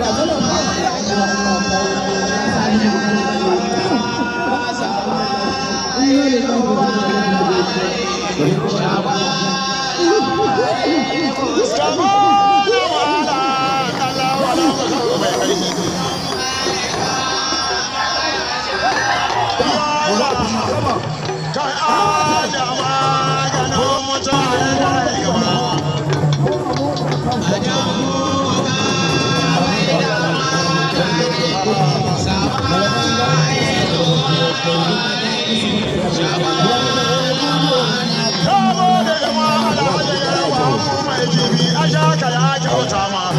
Come on. kocaman.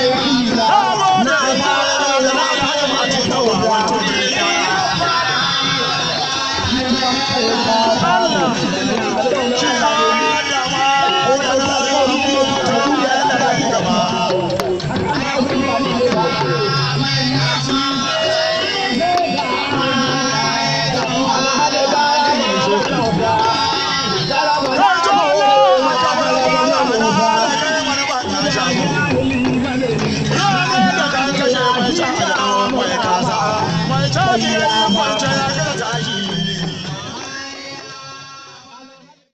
Yeah.